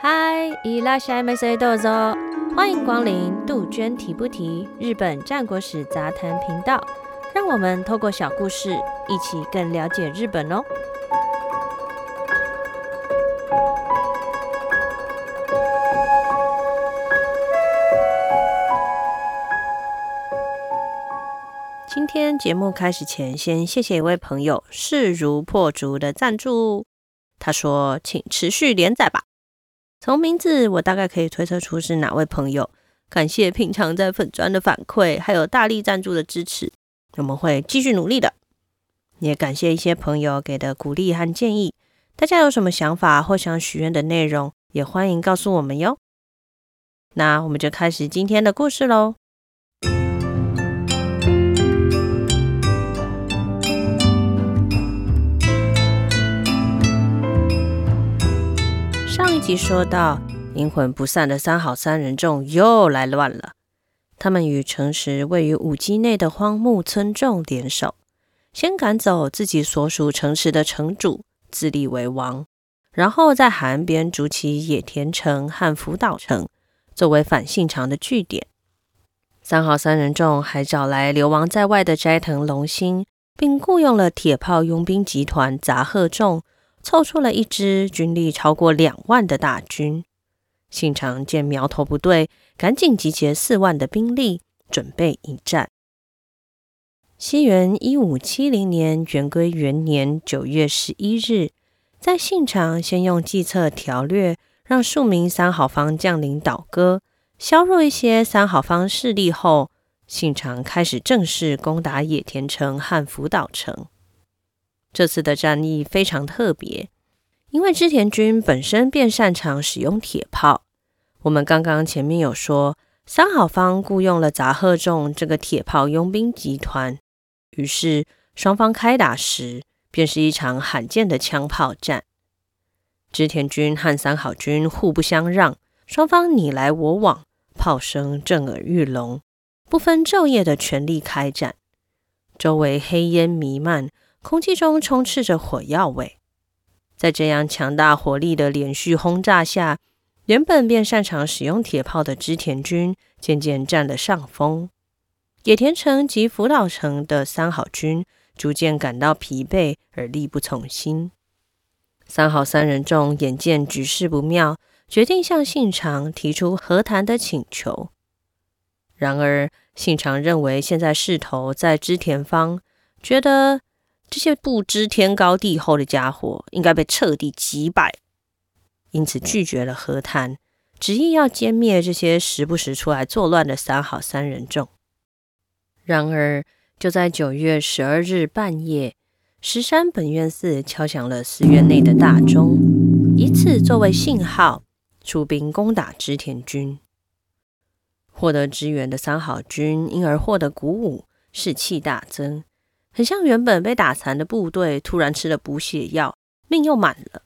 嗨，Hi, いらっしゃいませ。どうぞ，歡迎光臨杜鵑提不提日本戰國史雜談頻道。讓我們透過小故事，一起更了解日本哦。今天節目開始前，先謝謝一位朋友勢如破竹的贊助。他說：“請持續連載吧。”從名字我大概可以推測出是哪位朋友。感謝平常在粉專的反饋，還有大力贊助的支持，我們會繼續努力的。也感謝一些朋友給的鼓勵和建議。大家有什麼想法或想許願的內容，也歡迎告訴我們喲。那我們就開始今天的故事嘍。一說到陰魂不散的三好三人眾又來亂了，他們與城池位於五畿內的荒木村眾聯手，先趕走自己所屬城池的城主，自立為王，然後在海岸邊築起野田城和福島城，作為反信長的據點。三好三人眾還找來流亡在外的齋藤龍興，並雇傭了鐵炮傭兵集團雜賀眾。湊出了一支軍力超過兩萬的大軍，信長見苗頭不對，趕緊集結四萬的兵力，準備迎戰。西元一五七零年元龜元年九月十一日，在信長先用計策調略，讓數名三好方將領倒戈，削弱一些三好方勢力後，信長開始正式攻打野田城和福島城。這次的戰役非常特別，因為織田軍本身便擅長使用鐵炮。我們剛剛前面有說，三好方僱傭了雜賀眾這個鐵炮傭兵集團，於是雙方開打時便是一場罕見的槍炮戰。織田軍和三好軍互不相讓，雙方你來我往，炮聲震耳欲聾，不分晝夜的全力開戰，周圍黑煙瀰漫。空氣中充斥着火藥味，在這樣強大火力的連續轟炸下，原本便擅長使用鐵炮的織田軍漸漸占了上風。野田城及福島城的三好軍逐漸感到疲憊而力不從心。三好三人眾眼見局勢不妙，決定向信長提出和談的請求。然而，信長認為現在勢頭在織田方，覺得。這些不知天高地厚的家伙應該被徹底擊敗，因此拒絕了和談，執意要殲滅這些時不時出來作亂的三好三人眾。然而，就在九月十二日半夜，石山本願寺敲響了寺院內的大鐘，以此作為信號，出兵攻打織田軍。獲得支援的三好軍因而獲得鼓舞，士氣大增。很像原本被打殘的部隊突然吃了補血藥，命又滿了。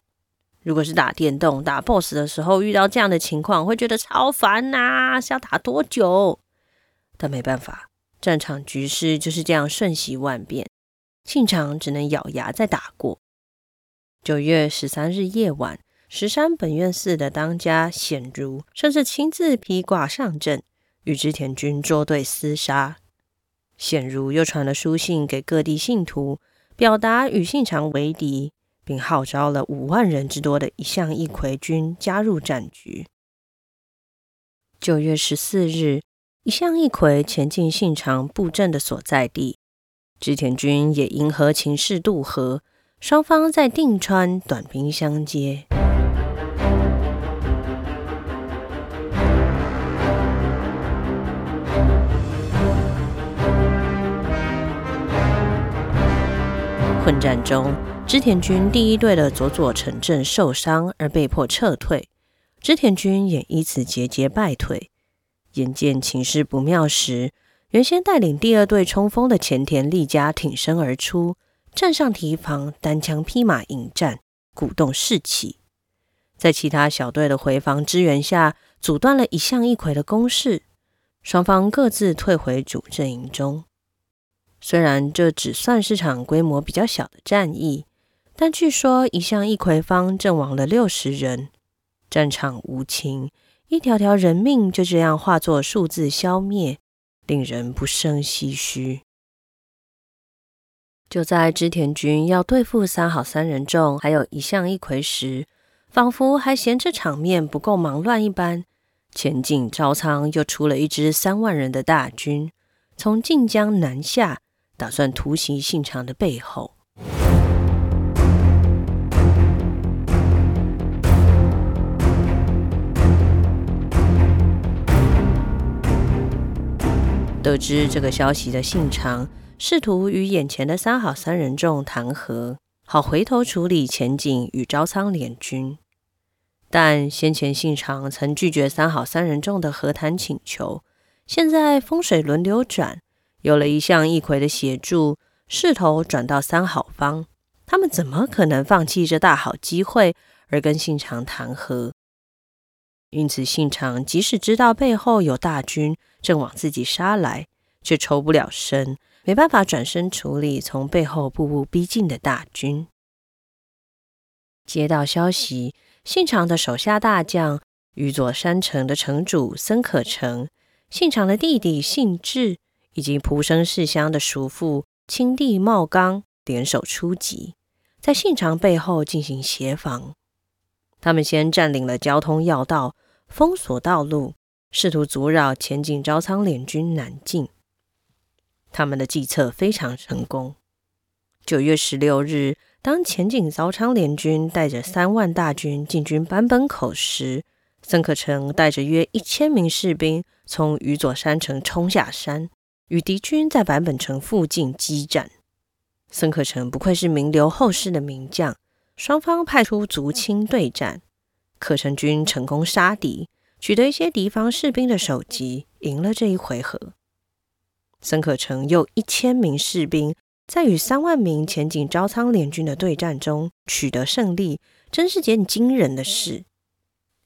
如果是打電動、打 BOSS 的時候遇到這樣的情況，會覺得超煩吶、啊，是要打多久？但沒辦法，戰場局勢就是這樣瞬息萬變，慶長只能咬牙再打過。九月十三日夜晚，石山本願寺的當家顯如甚至親自披掛上陣，與織田軍捉對廝殺。顯如又傳了書信給各地信徒，表達與信長為敵，並號召了五萬人之多的一向一揆軍加入戰局。九月十四日，一向一揆前進信長布陣的所在地，織田軍也迎合情勢渡河，雙方在定川短兵相接。混戰中，織田軍第一隊的佐佐成政受傷而被迫撤退，織田軍也因此節節敗退。眼見情勢不妙時，原先帶領第二隊衝鋒的前田利家挺身而出，站上堤防，單槍匹馬迎戰，鼓動士氣。在其他小隊的回防支援下，阻斷了一向一揆的攻勢，雙方各自退回主陣營中。雖然這只算是場規模比較小的戰役，但據說一向一揆方陣亡了六十人。戰場無情，一條條人命就這樣化作數字消滅，令人不勝唏噓。就在織田軍要對付三好三人眾，還有一向一揆時，仿佛還嫌這場面不夠忙亂一般，淺井朝倉又出了一支三萬人的大軍，從近江南下。打算突襲信長的背後，得知這個消息的信長試圖與眼前的三好三人眾談和，好回頭處理淺井與朝倉聯軍。但先前信長曾拒絕三好三人眾的和談請求，現在風水輪流轉。有了一向一揆的協助，勢頭轉到三好方，他們怎麼可能放棄這大好機會而跟信長談和？因此，信長即使知道背後有大軍正往自己殺來，卻抽不了身，沒辦法轉身處理從背後步步逼近的大軍。接到消息，信長的手下大將宇佐山城的城主森可成、信長的弟弟信智，以及蒲生氏鄉的叔父清地茂綱聯手出擊，在信長背後進行協防。他們先占領了交通要道，封鎖道路，試圖阻擾淺井朝倉聯軍南進。他們的計策非常成功。九月十六日，當淺井朝倉聯軍帶着三萬大軍進軍坂本口時，森可成帶着約一千名士兵從宇佐山城衝下山。與敵軍在坂本城附近激戰，森可成不愧是名留後世的名將。雙方派出足輕對戰，可成軍成功殺敵，取得一些敵方士兵的首級，贏了這一回合。森可成有一千名士兵在與三萬名淺井朝倉聯軍的對戰中取得勝利，真是件驚人的事。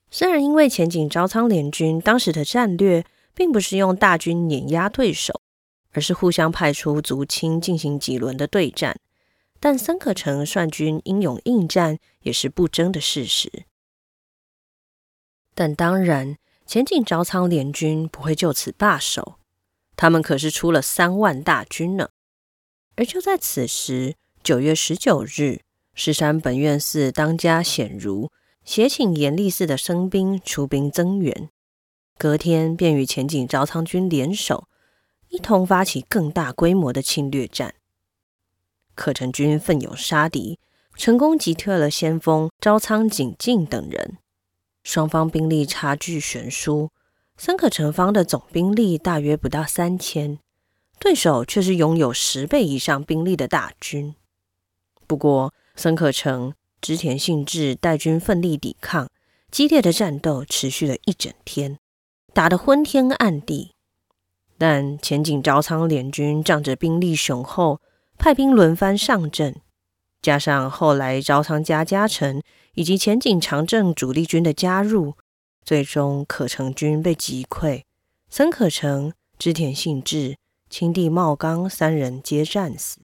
雖然因為淺井朝倉聯軍當時的戰略，並不是用大軍碾壓對手。而是互相派出族親進行幾輪的對戰，但森可成率軍英勇應戰，也是不爭的事實。但當然，淺井朝倉聯軍不會就此罷手，他們可是出了三萬大軍呢。而就在此時，九月十九日，石山本願寺當家顯如攜請延曆寺的僧兵出兵增援，隔天便與淺井朝倉軍聯手。一同發起更大規模的侵略戰，可成軍奮勇殺敵，成功擊退了先鋒、朝倉景進等人。雙方兵力差距懸殊，森可成方的總兵力大約不到三千，對手卻是擁有十倍以上兵力的大軍。不過，森可成、織田信治帶軍奮力抵抗，激烈的戰鬥持續了一整天，打得昏天暗地。但淺井朝倉聯軍仗着兵力雄厚，派兵輪番上陣，加上後來朝倉家家臣以及淺井長政主力軍的加入，最終可成軍被擊潰，森可成、織田信治、青地茂剛三人皆戰死。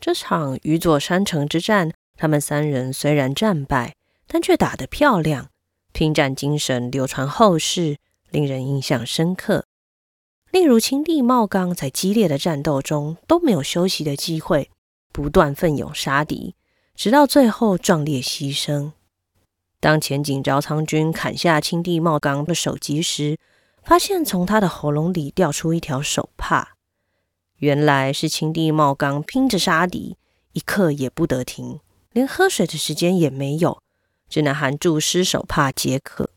這場宇佐山城之戰，他們三人雖然戰敗，但卻打得漂亮，拼戰精神流傳後世。令人印象深刻。例如，青地茂綱在激烈的戰鬥中都沒有休息的機會，不斷奮勇殺敵，直到最後壯烈犧牲。當淺井朝倉軍砍下青地茂綱的首級時，發現從他的喉嚨裡掉出一條手帕，原來是青地茂綱拼着殺敵，一刻也不得停，連喝水的時間也沒有，只能含住濕手帕解渴。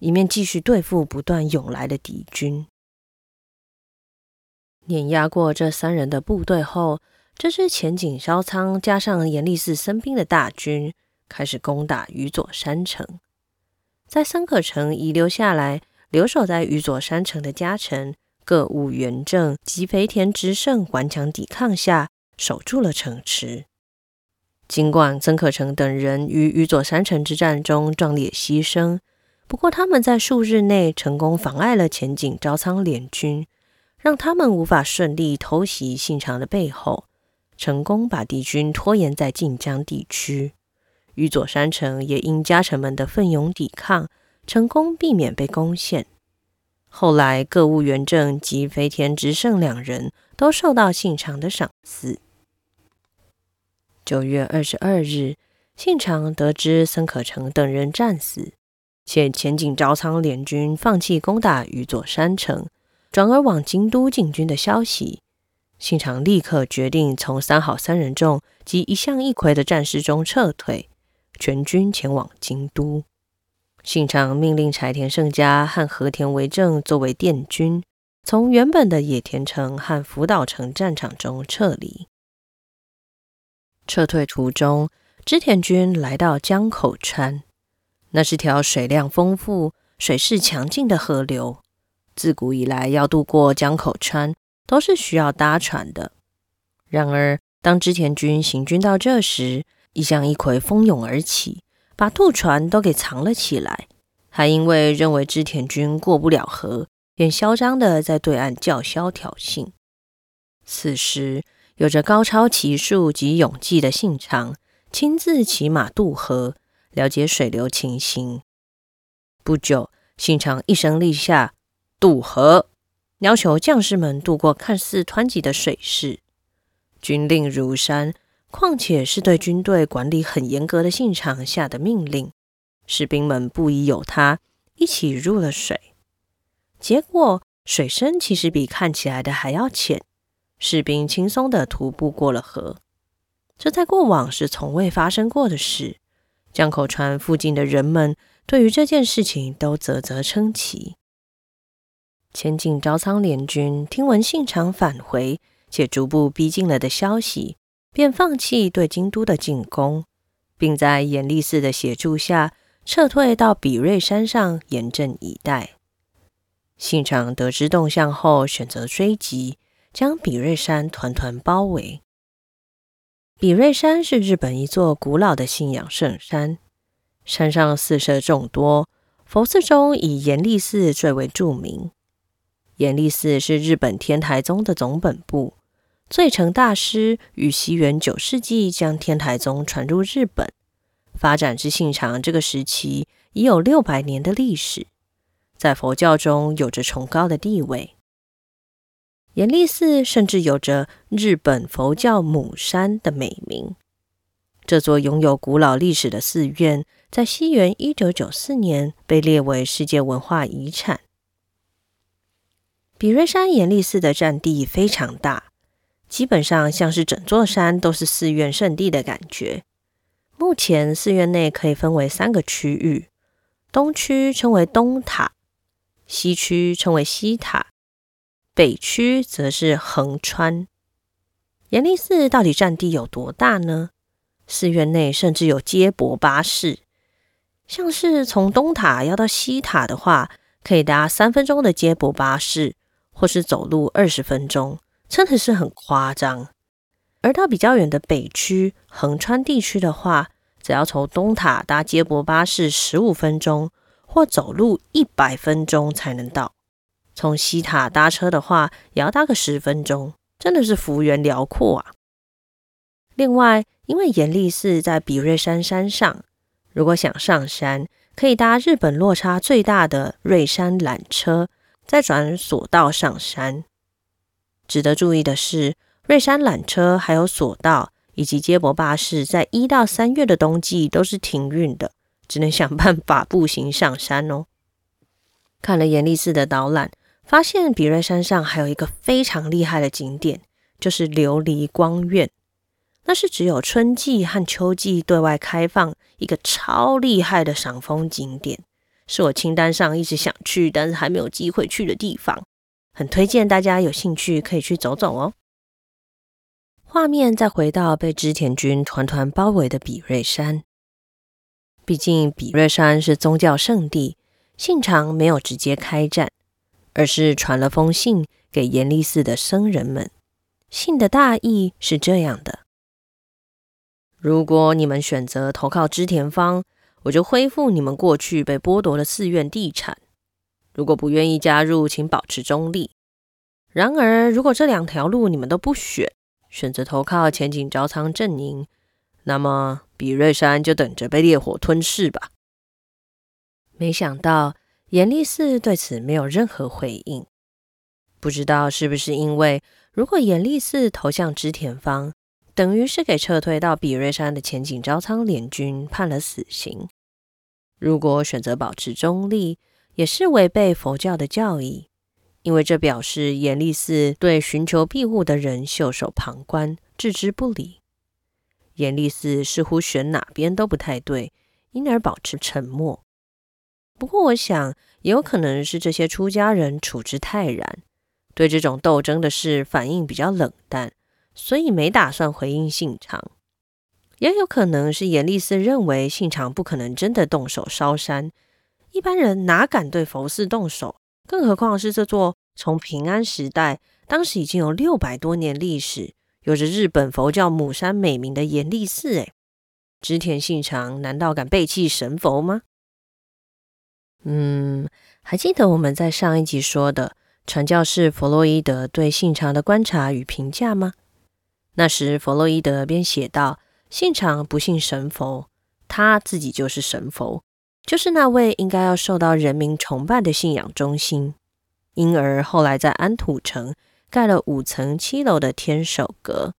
一面繼續對付不斷湧來的敵軍，碾壓過這三人的部隊後，這支淺井朝倉加上延曆寺僧兵的大軍開始攻打宇佐山城。在森可成遺留下來留守在宇佐山城的家臣各務元正及肥田直勝頑強抵抗下，守住了城池。儘管森可成等人於宇佐山城之戰中壯烈犧牲。不過，他們在數日內成功妨礙了淺井朝倉聯軍，讓他們無法順利偷襲信長的背後，成功把敵軍拖延在近江地區。宇佐山城也因家臣們的奮勇抵抗，成功避免被攻陷。後來，各務元正及肥田直勝兩人都受到信長的賞賜。九月二十二日，信長得知森可成等人戰死。且淺井朝倉聯軍放棄攻打宇佐山城，轉而往京都進軍的消息，信長立刻決定從三好三人眾及一向一揆的戰事中撤退，全軍前往京都。信長命令柴田勝家和和田為政作為殿軍，從原本的野田城和福島城戰場中撤離。撤退途中，織田軍來到江口川。那是條水量豐富、水勢強勁的河流。自古以來，要渡過江口川，都是需要搭船的。然而，當織田軍行軍到這時，一向一揆蜂擁而起，把渡船都給藏了起來，還因為認為織田軍過不了河，便囂張地在對岸叫囂挑釁。此時，有着高超騎術及勇技的信長親自騎馬渡河。了解水流情形。不久，信長一聲令下，渡河，要求將士們渡過看似湍急的水勢。軍令如山，況且是對軍隊管理很嚴格的信長下的命令，士兵們不疑有他，一起入了水。結果，水深其實比看起來的還要淺，士兵輕鬆地徒步過了河。這在過往是從未發生過的事。江口川附近的人們對於這件事情都嘖嘖稱奇。淺井朝倉聯軍聽聞信長返回且逐步逼近了的消息，便放棄對京都的進攻，並在延曆寺的協助下撤退到比叡山上嚴陣以待。信長得知動向後，選擇追擊，將比叡山團團包圍。比叡山是日本一座古老的信仰聖山，山上寺舍眾多，佛寺中以延曆寺最為著名。延曆寺是日本天台宗的總本部，最澄大師於西元九世紀將天台宗傳入日本，發展至信長這個時期已有六百年的歷史，在佛教中有着崇高的地位。延曆寺甚至有着“日本佛教母山”的美名。這座擁有古老歷史的寺院，在西元一九九四年被列為世界文化遺產。比叡山延曆寺的占地非常大，基本上像是整座山都是寺院聖地的感覺。目前，寺院內可以分為三個區域：東區稱為東塔，西區稱為西塔。北區則是橫川。延曆寺到底占地有多大呢？寺院內甚至有接駁巴士，像是從東塔要到西塔的話，可以搭三分鐘的接駁巴士，或是走路二十分鐘，真的是很誇張。而到比較遠的北區、橫川地區的話，只要從東塔搭接駁巴士十五分鐘，或走路一百分鐘才能到。從西塔搭車的話，也要搭個十分鐘，真的是幅員遼闊啊！另外，因為延曆寺在比叡山山上，如果想上山，可以搭日本落差最大的叡山纜車，再轉索道上山。值得注意的是，叡山纜車、還有索道以及接駁巴士，在一到三月的冬季都是停運的，只能想辦法步行上山哦。看了延曆寺的導覽。發現比叡山上還有一個非常厲害的景點，就是琉璃光院。那是只有春季和秋季對外開放，一個超厲害的賞楓景點，是我清單上一直想去，但是還沒有機會去的地方。很推薦大家有興趣可以去走走哦。畫面再回到被織田軍團團團包圍的比叡山，畢竟比叡山是宗教聖地，信長沒有直接開戰。而是傳了封信給延曆寺的僧人們，信的大意是這樣的：如果你們選擇投靠織田方，我就恢復你們過去被剝奪的寺院地產；如果不願意加入，請保持中立。然而，如果這兩條路你們都不選，選擇投靠淺井朝倉陣營，那麼比叡山就等着被烈火吞噬吧。沒想到。延曆寺對此沒有任何回應，不知道是不是因為，如果延曆寺投向織田方，等於是給撤退到比叡山的淺井朝倉聯軍判了死刑；如果選擇保持中立，也是違背佛教的教義，因為這表示延曆寺對尋求庇護的人袖手旁觀、置之不理。延曆寺似乎選哪邊都不太對，因而保持沉默。不過，我想也有可能是這些出家人處之泰然，對這種鬥爭的事反應比較冷淡，所以沒打算回應信長。也有可能是延曆寺認為信長不可能真的動手燒山，一般人哪敢對佛寺動手？更何況是這座從平安時代當時已經有六百多年歷史、有着日本佛教母山美名的延曆寺？哎，織田信長難道敢背棄神佛嗎？嗯，還記得我們在上一集說的傳教士弗洛伊德對信長的觀察與評價嗎？那時弗洛伊德便寫道：“信長不信神佛，他自己就是神佛，就是那位應該要受到人民崇拜的信仰中心，因而後來在安土城蓋了五層七樓的天守閣，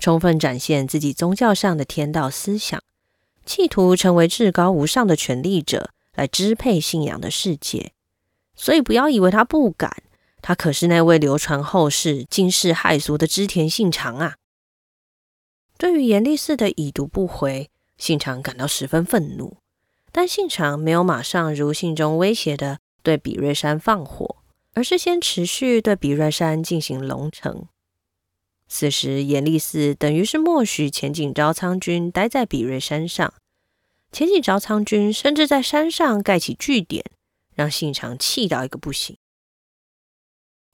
充分展現自己宗教上的天道思想，企圖成為至高無上的權力者。”來支配信仰的世界，所以不要以為他不敢，他可是那位流傳後世驚世駭俗的織田信長啊！對於延曆寺的已讀不回，信長感到十分憤怒，但信長沒有馬上如信中威脅的對比叡山放火，而是先持續對比叡山進行籠城。此時，延曆寺等於是默許淺井朝倉軍待在比叡山上。淺井朝倉軍甚至在山上蓋起據點，讓信長氣到一個不行。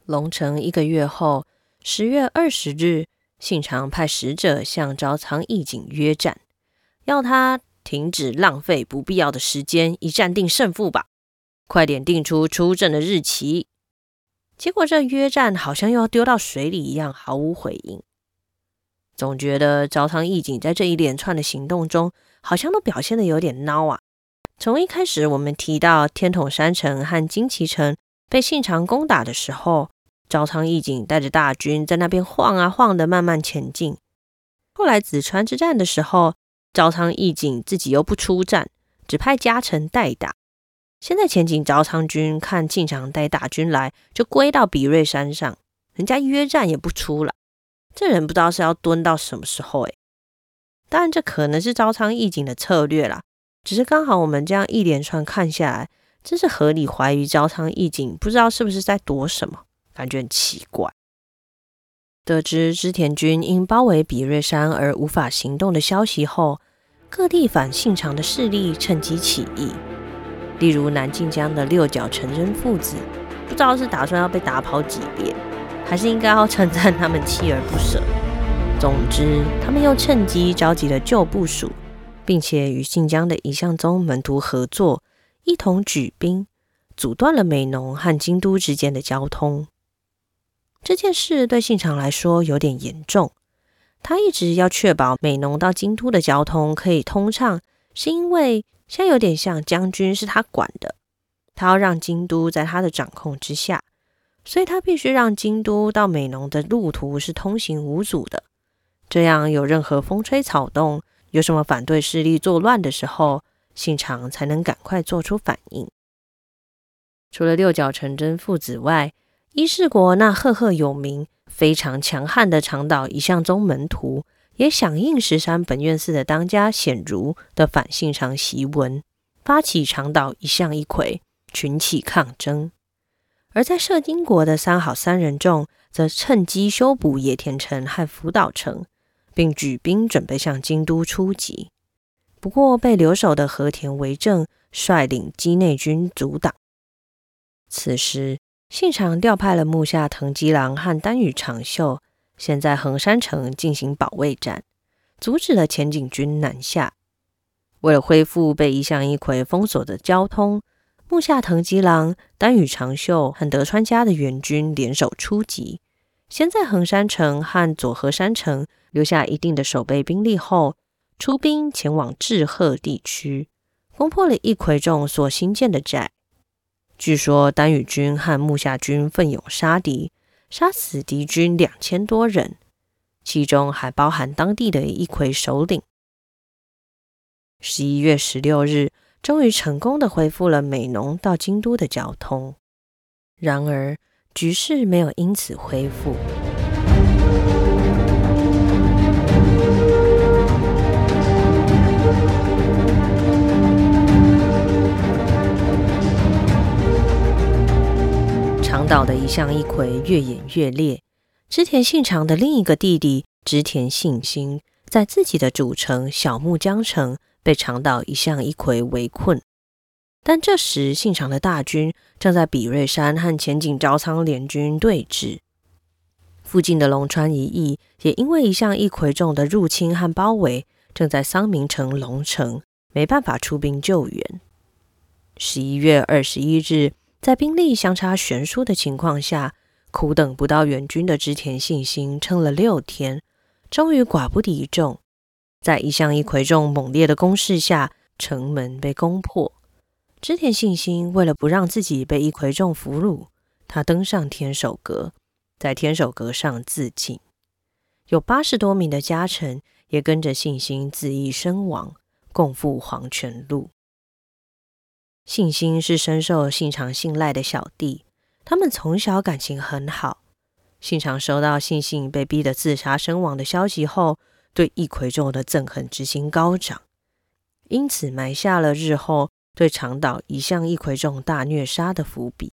籠城一個月後，十月二十日，信長派使者向朝倉義景約戰，要他停止浪費不必要的時間，一戰定勝負吧！快點定出出陣的日期。結果這約戰好像又要丟到水裡一樣，毫無回應。總覺得朝倉義景在這一連串的行動中，好像都表現的有點孬啊！從一開始我們提到天筒山城和金崎城被信長攻打的時候，朝倉義景帶着大軍在那邊晃啊晃的，慢慢前進。後來姊川之戰的時候，朝倉義景自己又不出戰，只派家臣代打。現在前景朝倉軍，看信長帶大軍來，就歸到比叡山上，人家約戰也不出了。這人不知道是要蹲到什麼時候誒。當然，但這可能是朝倉義景的策略啦。只是剛好我們這樣一連串看下來，真是合理懷疑朝倉義景不知道是不是在躲什麼，感覺很奇怪。得知織田軍因包圍比叡山而無法行動的消息後，各地反信長的勢力趁機起義，例如南近江的六角承禎父子，不知道是打算要被打跑幾遍，還是應該要稱讚他們鍥而不捨。總之，他們又趁機召集了舊部署，並且與信江的一向宗門徒合作，一同舉兵，阻斷了美濃和京都之間的交通。這件事對信長來說有點嚴重。他一直要確保美濃到京都的交通可以通暢，是因為現在有點像將軍是他管的，他要讓京都在他的掌控之下，所以他必須讓京都到美濃的路途是通行無阻的。這樣，有任何風吹草動，有什麼反對勢力作亂的時候，信長才能趕快做出反應。除了六角承禎父子外，伊勢國那赫赫有名、非常強悍的長島一向宗門徒，也響應石山本願寺的當家顯如的反信長檄文，發起長島一向一揆，群起抗爭。而在攝津國的三好三人眾，則趁機修補野田城和福島城。並舉兵準備向京都出擊，不過被留守的和田惟政率領畿內軍阻擋。此時，信長調派了木下藤吉郎和丹羽長秀，先在橫山城進行保衛戰，阻止了淺井軍南下。為了恢復被一向一揆封鎖的交通，木下藤吉郎、丹羽長秀和德川家的援軍聯手出擊。先在橫山城和佐河山城留下一定的守備兵力後，出兵前往志賀地區，攻破了一揆眾所新建的寨。據說丹羽軍和木下軍奮勇殺敵，殺死敵軍兩千多人，其中還包含當地的一揆首領。十一月十六日，終於成功地恢復了美濃到京都的交通。然而。局勢沒有因此恢復。長島的一向一揆越演越烈，織田信長的另一個弟弟織田信興，在自己的主城小木江城被長島一向一揆圍困。但這時，信長的大軍正在比叡山和淺井朝倉聯軍對峙。附近的瀧川一益也因為一向一揆眾的入侵和包圍，正在桑名城龍城，沒辦法出兵救援。十一月二十一日，在兵力相差懸殊的情況下，苦等不到援軍的織田信興撐了六天，終於寡不敵眾，在一向一揆眾猛烈的攻勢下，城門被攻破。織田信興為了不讓自己被一揆眾俘虜，他登上天守閣，在天守閣上自盡。有八十多名的家臣也跟着信興自縊身亡，共赴黃泉路。信興是深受信長信賴的小弟，他們從小感情很好。信長收到信興被逼得自殺身亡的消息後，對一揆眾的憎恨之心高漲，因此埋下了日後。對長島一向一揆眾大虐殺的伏筆。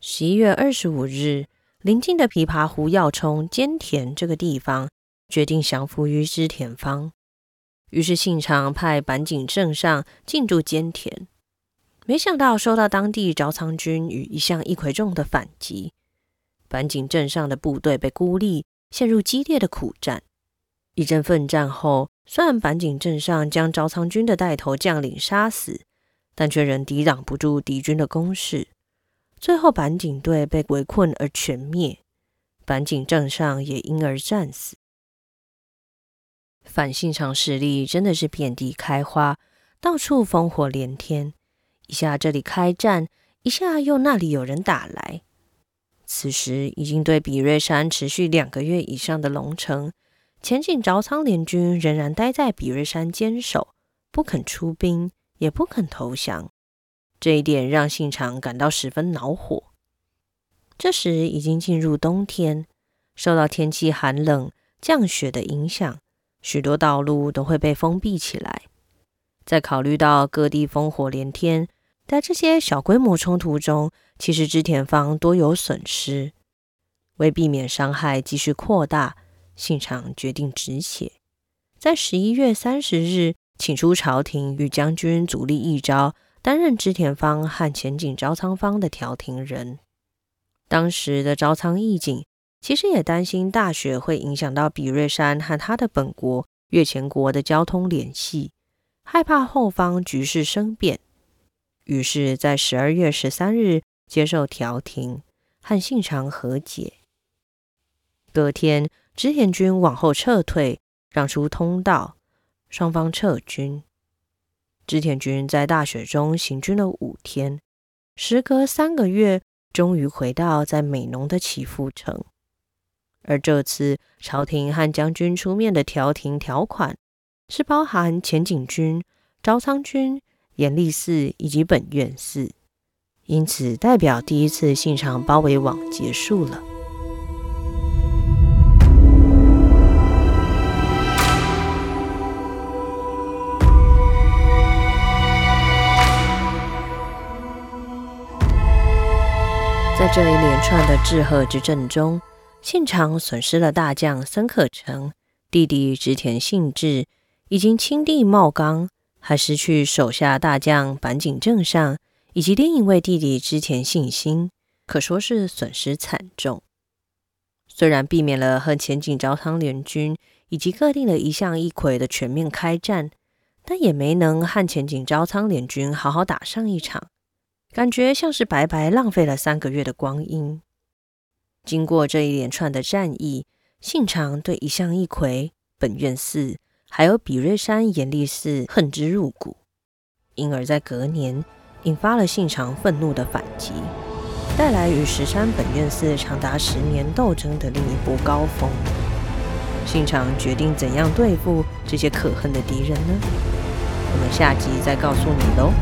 十一月二十五日，臨近的琵琶湖要衝堅田這個地方決定降服於織田方，於是信長派坂井政尚進駐堅田，沒想到受到當地朝倉軍與一向一揆眾的反擊，坂井政尚的部隊被孤立，陷入激烈的苦戰。一陣奮戰後。雖然坂井政尚將朝倉軍的帶頭將領殺死，但却仍抵擋不住敵軍的攻勢。最後，坂井隊被圍困而全滅，坂井政尚也因而戰死。反信長勢力真的是遍地開花，到處烽火連天。一下這裡開戰，一下又那裡有人打來。此時，已經對比叡山持續兩個月以上的籠城。淺井朝倉聯軍仍然待在比叡山堅守，不肯出兵，也不肯投降。這一點讓信長感到十分惱火。這時已經進入冬天，受到天氣寒冷、降雪的影響，許多道路都會被封閉起來。再考慮到各地烽火連天，在這些小規模衝突中，其實織田方多有損失。為避免傷害繼續擴大，信長決定止血，在十一月三十日，請出朝廷與將軍足利義昭，擔任織田方和淺井朝倉方的調停人。當時的朝倉義景其實也擔心大雪會影響到比叡山和他的本國越前國的交通聯繫，害怕後方局勢生變，於是，在十二月十三日接受調停，和信長和解。隔天。織田軍往後撤退，讓出通道，雙方撤軍。織田軍在大雪中行軍了五天，時隔三個月，終於回到在美濃的岐阜城。而這次朝廷和將軍出面的調停條款，是包含淺井軍、朝倉軍、延曆寺以及本願寺，因此代表第一次信長包圍網結束了。在這一連串的志賀之陣中，現場損失了大將森可成、弟弟織田信治，以及青地茂綱，還失去手下大將坂井政尚以及另一位弟弟織田信興，可說是損失慘重。雖然避免了和淺井朝倉聯軍以及各地的一向一揆的全面開戰，但也沒能和淺井朝倉聯軍好好打上一場。感覺像是白白浪費了三個月的光陰。經過這一連串的戰役，信長對一向一揆本願寺還有比叡山延曆寺恨之入骨，因而，在隔年引發了信長憤怒的反擊，帶來與石山本願寺長達十年鬥爭的另一波高峰。信長決定怎樣對付這些可恨的敵人呢？我們下集再告訴你嘍。